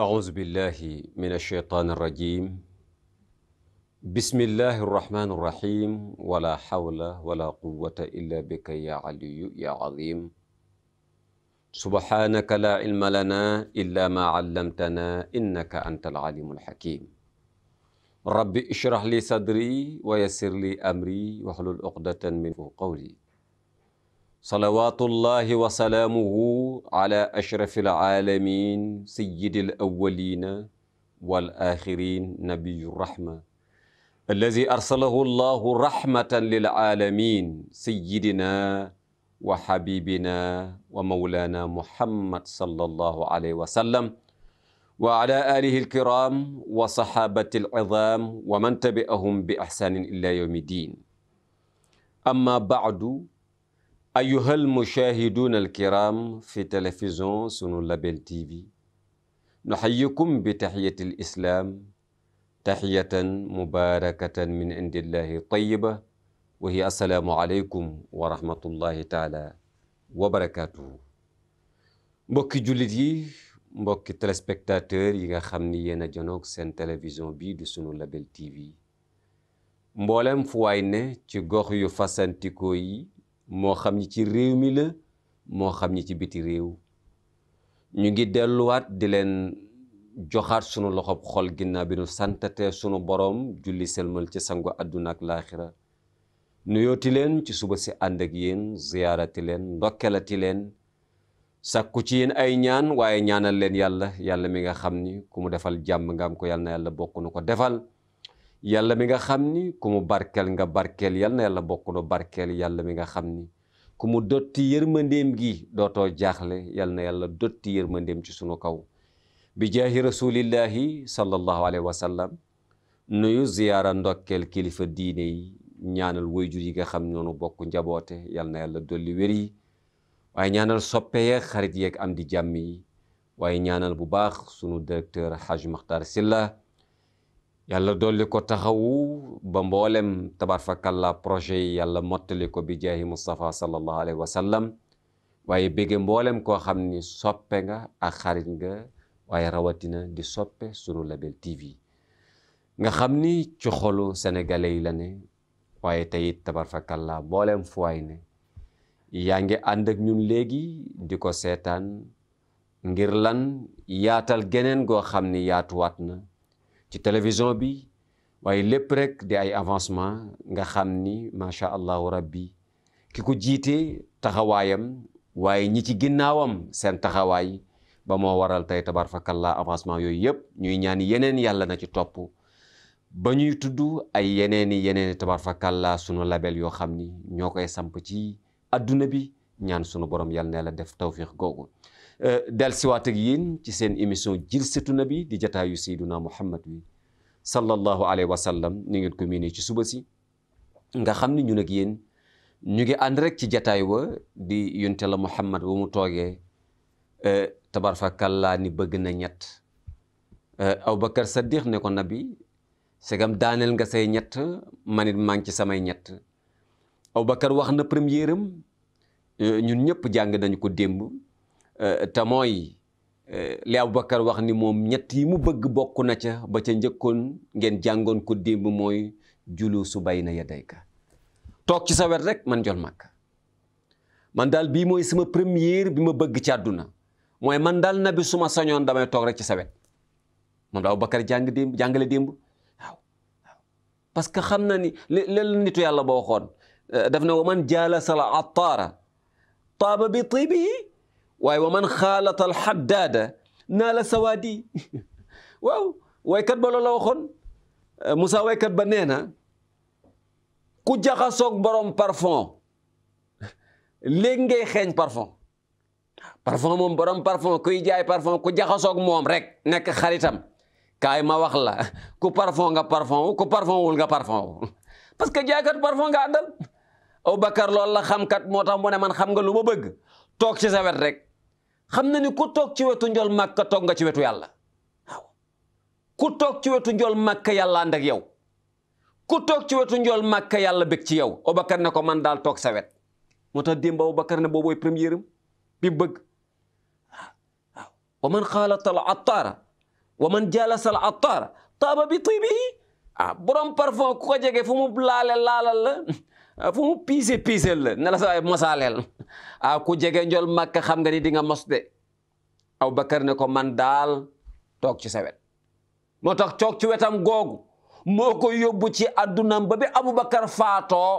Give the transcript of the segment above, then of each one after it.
أعوذ بالله من الشيطان الرجيم بسم الله الرحمن الرحيم ولا حول ولا قوة إلا بك يا علي يا عظيم سبحانك لا علم لنا إلا ما علمتنا إنك أنت العليم الحكيم رب اشرح لي صدري ويسر لي أمري واحلل عقدة من قولي salawaatullahi wa salaamuhu ala ashrafi alaalamin sayidi al awalina wal axirin nabiyu rahma allazi arsalahu allahu rahmatan lil alamin sayidina wa xabibina wa mawlana muhammad sallallahu alayhi wa sallam wa ala alihi alkiram wa saxaabati alcidaam wa man tabi'ahum bi ixsaanin ila yowmi din amma baadu ayuhal mushaahiduuna alkiram fi télévision sunu label tv nuxayikum bi taxiyati l islaam taxiyatan mubaarakatan min indillahi tayiba wa hiya assalaamu aleykum wa rahmatullahi taala wa barakaatuhu mbokki jullit yi mbokki téléspectateurs yi nga xam ni yéen a janoog seen télévision bii di sunu label tv mboolem fu waay ne ci gox yu fasantikoo yi moo xam ñi ci réew mi la moo xam ñi ci biti réew ñu ngi delluwaat di leen joxaat sunu loxob xol ginnaaw bi nu santate sunu boroom julli selmal ci sangu àdduna ak laaxira nuyooti leen ci suba si ànd ak yéen ziyaarati leen ndokkelati leen sàkku ci yéen ay ñaan waaye ñaanal leen yàlla yàlla mi nga xam ni ku mu defal jàmm nga ko yàlla na yàlla bokk nu ko defal yàlla mi nga xam ni ku mu barkeel nga barkel yal na yàlla bokk na barkeel yàlla mi nga xam ni ku mu dotti yërmandeem gi dootoo jaaxle yal na yàlla dotti mandem ci sunu kaw bi jaahi rasulillahi sallallahu alayhi wa sallam nuyu ziyaara ndokkeel kilifa diine yi ñaanal wayjur yi nga xam noonu bokk njaboote yal na yàlla dolli wér yi waaye ñaanal soppe yeeg xarit yeeg am di jàmm yi waaye ñaanal bu baax sunu directeur Haj Makhtar Silla yàlla dolli ko taxawu ba mboolem tabarfakalla projet yi yàlla mottali ko bi jaahi Mustafa sallallahu alayhi wa sallam waaye bége mboolem koo xam ni soppe nga ak xarit nga waaye rawatina di soppe sunu Label TV nga xam ni ci xolu sénégalais yi la ne waaye teyit tabarfakalla mboolem fu waay ne yaa ngi ànd ak léegi di ko seetaan ngir lan yaatal geneen goo xam ni yaatuwaat na ci télévision bi waaye lépp rek di ay avancement nga xam ni macha allahu rabbi ki ko jiite taxawaayam waaye ñi ci ginnaawam seen taxawaay ba moo waral tey tabarfakallaa avancement yooyu yëpp ñuy ñaan yeneen yàlla na ci topp ba ñuy tudd ay yeneeni yeneeni tabarfakallaa sunu label yoo xam ni ñoo koy samp ci adduna bi ñaan sunu borom yàlla ne la def tawfiix googu Euh, dellusiwaat ak yéen ci seen émission jilsatu nabi di jataayu sayduna muhammad wi sallallahu alayhi wa sallam ni ngeen ko miinee ci suba si nga xam ni ñun ak yéen ñu ngi ànd rek ci jataay wa di yonte la muhammad ba mu toogee euh, tabarfakallaa ni bëgg na ñett euh, aboubacar saddiq ne ko nabi segam daaneel nga say ñett manit maa ngi ci samay ñett aboubacar wax na premièram ñun ñëpp jàng nañu ko démb Euh, te mooy euh, li Aboubacar wax ni moom ñett yi mu bëgg bokk na ca ba ca njëkkoon ngeen jàngoon ko démb mooy julu su bay na ya dayka toog ci sawet rek man jol màkk man daal bii mooy sama première bi ma bëgg ci àdduna mooy man daal nabi su ma sañoon damay toog rek ci sa wet moom la Aboubacar jàng démb jàngale démb parce que xam na ni lel nitu yàlla ba waxoon euh, daf ne man jaala sala attaara taaba bi tiibihi waaye wa man xaalatal xaddaada naa la sawaadi waaw waykat ba loola waxoon eh, Moussa waykat ba nee na ku jaxasoog borom parfum léegi ngay xeeñ parfum parfum moom borom parfum kuy jaay parfum ku jaxasoog moom rek nekk xaritam kaay ma wax la ku parfum nga parfum wu ku wul nga parfum parce que jaaykat parfum nga àndal Aboubacar lool la xamkat moo tax mu ne man xam nga lu ma bëgg toog ci sa rek xam na ni ku toog ci wetu njol màkka toog nga ci wetu yàlla ku toog ci wetu njol màkka yàlla ànd ak yow ku toog ci wetu njool màkka yàlla bég ci yow Obakar ko man daal toog sawet moo tax démb Obakar ne boobooy première am bi bëgg waaw wa man xaalata al attaara wa man jalasa al attaara taaba bi tibihi ah borom ku ko jege fu mu laale laalal Ah, fu mu piise piisel la ne la sa ay a ah, ku jege jol màkk xam nga dinga di nga mos de aw ne ko man daal toog ci sa moo tax toog ci wetam googu moo ko yóbbu ci addunam ba bi abubakar faatoo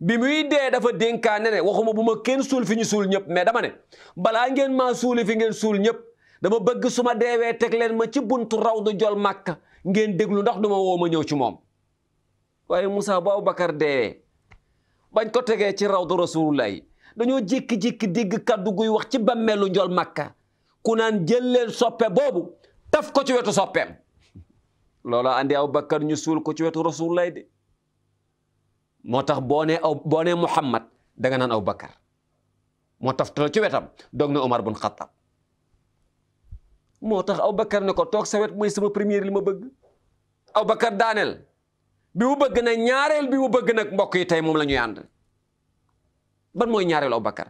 bi muy dee dafa dénkaane ne waxuma bu ma kenn suul fi ñu suul ñëpp mais dama ne balaa ngeen maa suuli fi ngeen suul ñëpp dama bëgg su ma deewee teg leen ma ci buntu rawdu jol màkk ngeen déglu ndax duma woo ma ñëw ci moom waaye Moussa bu abubakar deewee bañ ko tegee ci rawdu rasulullahi dañoo jékki-jékki dégg kàddu guy wax ci bàmmeelu njol makka ku naan jël leen soppe boobu taf ko ci wetu soppeem looloo andi aw bakkar ñu suul ko ci wetu rasulullahi de moo tax boo nee aw boo nee muhammad danga naan aw bakkar moo taftal ci wetam dog ne omar bun xattaab moo tax aw bakkar ne ko toog sa wet mooy sama première li ma bëgg aw bakkar daaneel bi mu bëgg na ñaareel bi wu bëgg nag mbokk yi tey moom la ñuy ànd ban mooy ñaareelu Abubakar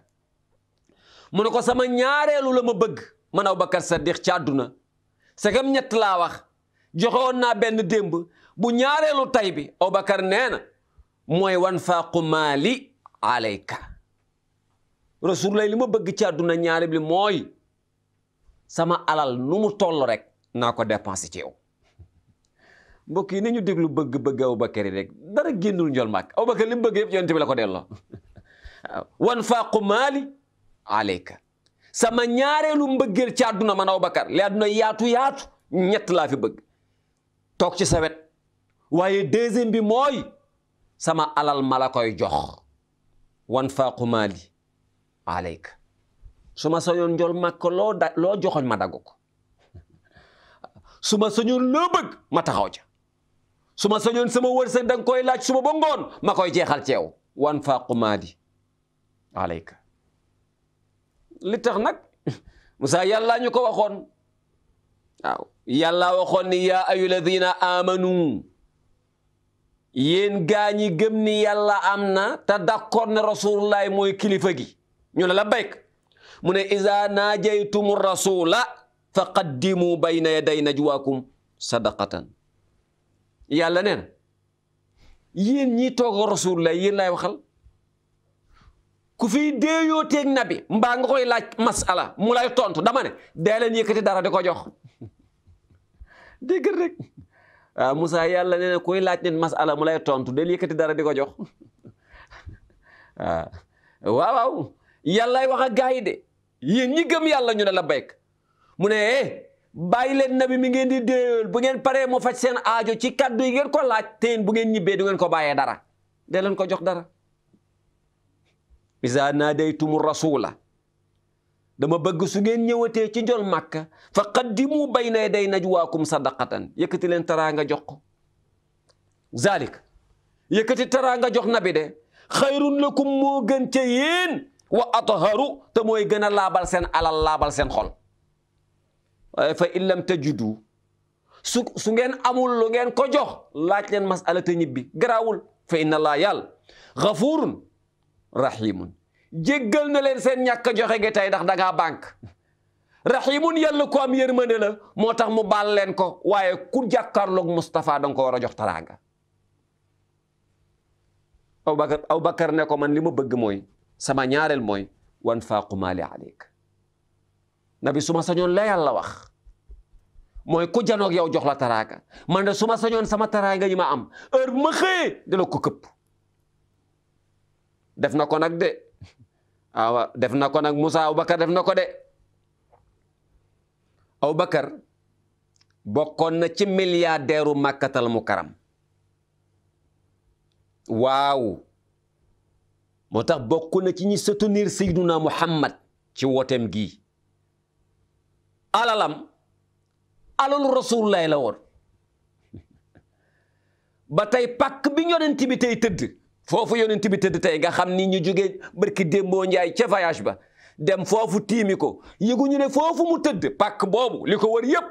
mu ne ko sama ñaareelu la ma bëgg man Abubakar Saddiq ci àdduna segam ñett laa wax joxe woon naa benn démb bu ñaareelu tay bi Abubakar nee na mooy wan faaqu maali alayka rasulullah li ma bëgg ci àdduna ñaareel bi mooy sama alal nu mu toll rek naa ko dépensé ci mbokk yi ñu déglu bëgg-bëgg Abubakar rek dara génnul njol màkk Abubakar li mu bëgg yëpp ko delloo wan faaqu maali sama ñaareelu mbëggeel ci àdduna man Abubakar li àdduna yaatu yaatu ñett laa fi bëgg toog ci sa waaye deuxième bi mooy sama alal ma koy jox wan faaqu maali aleyka su ma sañoon njol màkk loo da joxoñ ma dagg ko su ma sañoon loo bëgg ma taxaw ca su ma sañoon sama wërsëg da nga koy laaj suba ba ngoon ma koy jeexal ceew wan faaqu maadi alayka li tax nag Moussa yàllaa ñu ko waxoon waaw waxoon ni yaa ayu ladina amanu ni yàlla am na te d'accord ne rasulullahi mooy kilifa gi ñu ne la bayk mu ne iza naajaytumu rasula faqaddimu bayna yaday najwaakum sadaqatan yàlla nee na yéen ñii toog a rasul la yéen laay waxal ku fiy déeyoo teeg nabi mbaa nga koy laaj masala mu lay tontu dama ne day leen yëkkati dara di ko jox dégg rek waaw ah, Moussa yàlla nee koy laaj nit masala mu lay tontu del yëkkati dara di ko jox ah, waaw waaw yàllaay wax yi de yéen ñi gëm yàlla ñu ne la béyk mu ne eh, bàyyi leen nabi mi ngeen di déyal bu ngeen paree mu faj seen aajo ci kaddu yi ngeen ko laaj teen bu ngeen ñibbee du ngeen ko bàyyee dara de leen ko jox dara isa naadaytumu rasula dama bëgg su ngeen ñëwatee ci njol màkka fa qaddimu waa yaday najwaakum sadaqatan yëkkati leen taraanga jox ko zalik yëkkati taraanga jox nabi de xayrun lakum moo gën ca yéen wa atharu te mooy gën a laabal seen alal laabal seen xol fa in lam tajidu su ngeen amul lu ngeen ko jox laaj leen masala te ñibbi garaawul fa inna laa yàlla xafurun rahimun jéggal na leen seen ñàkk joxe gi tey ndax dangaa banque rahimun yàlla ko am yërmande la moo tax mu baal leen ko waaye ku jàkkaarloog Moustapha danga ko war a jox taraanga Aboubacar Aboubacar ne ko man li ma bëgg mooy sama ñaareel mooy wan faaqu maali aleyk nabi su ma sañoon la yàlla wax mooy ku janoog yow jox la taraanga man de su ma sañoon sama taraanga yi ma am heure bu ma xëyee dina këpp def na ko nag de awa def na ko nag Moussa Aboubacar def na ko de Aboubacar bokkoon na ci milliardaire u Makkatal Mukarram waaw moo tax bokk na ci ñi soutenir Seydina Muhammad ci wotem gii alalam alalu rasulullahi la woon ba tey pàkk bi yonent bi tey tëdd foofu yonent bi tëdd tey nga xam ni ñu jógee barki démboo njaay ca voyage ba dem foofu tiimi ko ñu ne foofu mu tëdd pakk boobu li ko wër yépp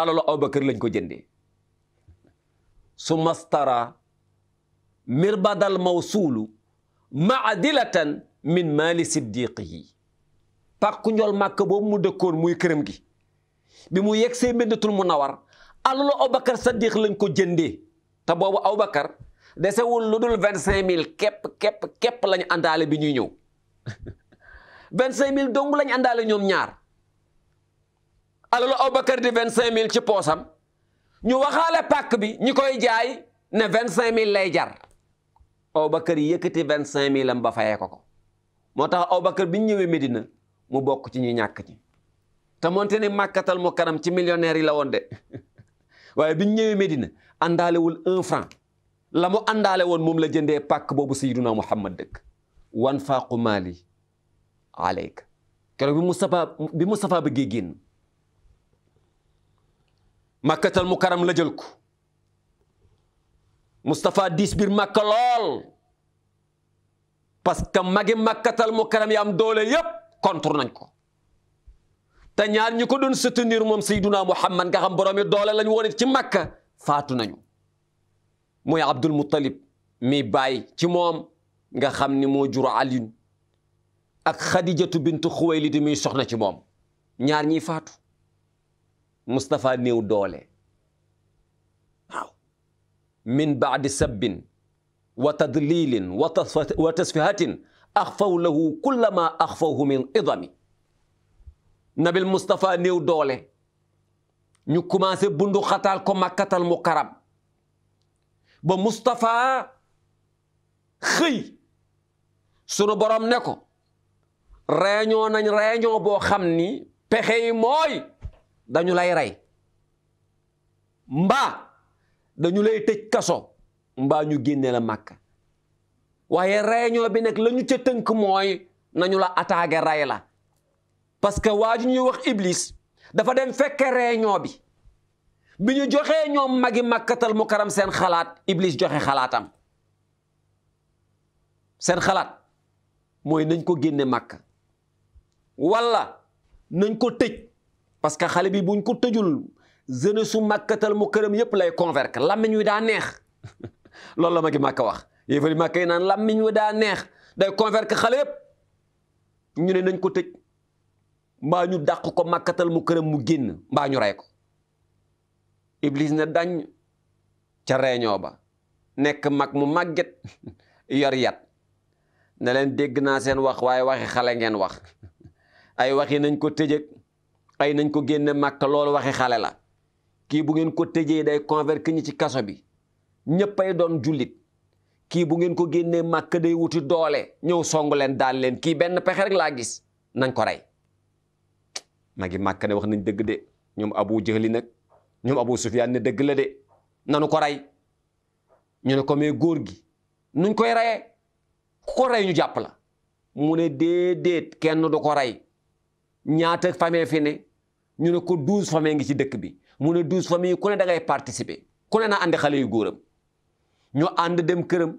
alalu Abubakar lañ ko jëndee su mastara mirbadal mawsuulu maadilatan min maali siddiqihi pàkku njool màkk boobu mu dëkkoon muy këram gi bi mu yegg see Medinatul Munawwar alalu Aboubacar Saddiq lañ ko jëndee te boobu Aboubacar desewul lu dul vingt cinq mille képp képp képp lañ àndaale bi ñuy ñëw vingt cinq mille dong lañ àndaale ñoom ñaar alalu Aboubacar di vingt cinq mille ci poosam ñu waxaale pàkk bi ñi koy jaay ne vingt cinq mille lay jar Aboubacar yëkkati vingt cinq mille ba fayee ko ko moo tax Aboubacar bi ñu ñëwee Medina. mu bokk ci ñu ñàkk ci te moonte ne màkkatal mu karam ci millionnaire yi la woon de waaye biñ ñëwee Medina àndaalewul un franc la mu àndaale woon moom la jëndee pàkk boobu sayyiduna Muhammad dëkk wan faaqu maali aleyka keroog bi Mustafa bi Mustafa bëggee génn màkkatal mu karam la jël ko Mustafa diis biir màkka lool parce que magi màkkatal mu karam yi am doole yépp contre nañ ko te ñaar ñi ko doon soutenir moom Seydina Muhammad nga xam boromi doole lañ woon ci Makka faatu nañu mooy Abdul mi bàyyi ci moom nga xam ni moo jur Alin ak Xadijatu bintu Xuwaylid mi soxna ci moom ñaar ñiy faatu Mustapha néew doole waaw min baadi sabbin wa tadlilin wa tasfihatin axfaw lahu kulla ma axfawhu min idami nabil mustafa néew doole ñu commencé bundu xataal ko makkatal mu karam ba Moustapha xëy sunu borom ne ko réunion nañ réunion boo xam ni pexe yi mooy dañu lay rey mbaa dañu lay tëj kaso mba ñu génne la màkka waaye réunion bi nag la ñu tënk mooy nañu la attaqué rey la parce que waa ju ñuy wax Iblis dafa dem fekke réunion bi bi ñu joxee ñoom magi màkkatal mu karam seen xalaat Iblis joxe xalaatam seen xalaat mooy nañ ko génne màkk walla nañ ko tëj parce que xale bi buñ ko tëjul jeunesse su màkkatal mu këram yépp lay convaincre làmmiñ wi daa neex loolu la magi màkk wax yéefari Màkka yi naan làmmiñ wa daa neex day convaincre xale yëpp ñu ne nañ ko tëj mbaa ñu daq ko màkkatal mu këram mu génn mbaa ñu rey ko Iblis na dañ ca réunion ba nekk mag mu màgget yor yat ne leen dégg naa seen wax waaye waxi xale ngeen wax ay waxi nañ ko tëjëg ay nañ ko génne màkk loolu waxi xale la kii bu ngeen ko tëjee day convaincre ñi ci kaso bi ñëppay doon jullit kii bu ngeen ko génnee màkk day wuti doole ñëw song leen daal leen kii benn pexe rek laa gis nañ ko rey magi màkk ne wax nañ dëgg de ñoom abu jëli nag ñoom abu sufyaan ne dëgg la de nanu ko rey ñu ne ko mais góor gi nuñ koy reyee ku ko rey ñu jàpp la mu ne déedéet kenn du ko rey ñaata famille fi ne ñu ne ko douze famille ngi ci dëkk bi mu ne douze famille ku ne da ngay participer ku ne na àndi xale yu góoram ñu ànd dem këram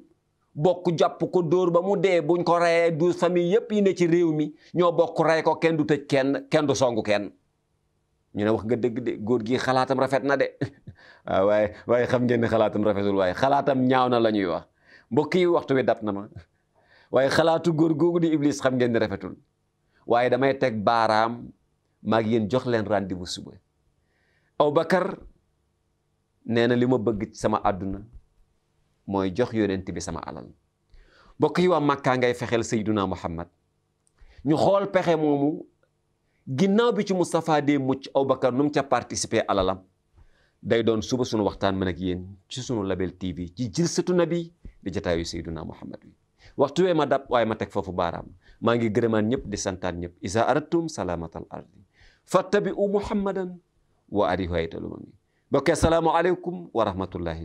bokk jàpp ko dóor ba mu dee buñ ko reyee du famille yépp yi ne ci réew mi ñoo bokk rey ko kenn du tëj kenn kenn du songu kenn ñu ne wax nga dëgg de góor gi xalaatam rafet na de ah, waaye waaye xam ngeen ne xalaatam rafetul waaye xalaatam ñaaw na la ñuy wax mbokk yi waxtu wi dab na ma waaye xalaatu góor googu di Iblis xam ngeen ne rafetul waaye damay teg baaraam maag yéen jox leen rendez-vous suba Aboubacar nee na li ma bëgg ci sama àdduna mooy jox yonent bi sama alal mbokk yi waa Makka ngay fexeel Seydina Muhammad ñu xool pexe moomu ginnaaw bi ci Moustapha dee mucc Aboubacar nu ca participer alalam day doon suba sunu waxtaan mën ak yéen ci sunu Label TV ci jilsatu nabi di jataayu Seydina Muhammad bi waxtu wee ma dab waaye ma teg foofu baaraam maa ngi gërëmaan ñëpp di santaan ñëpp isa aradtum salaamatal ardi fattabi'u muhammadan wa ari haytaluma mi bokke asalaamu aleykum wa rahmatullahi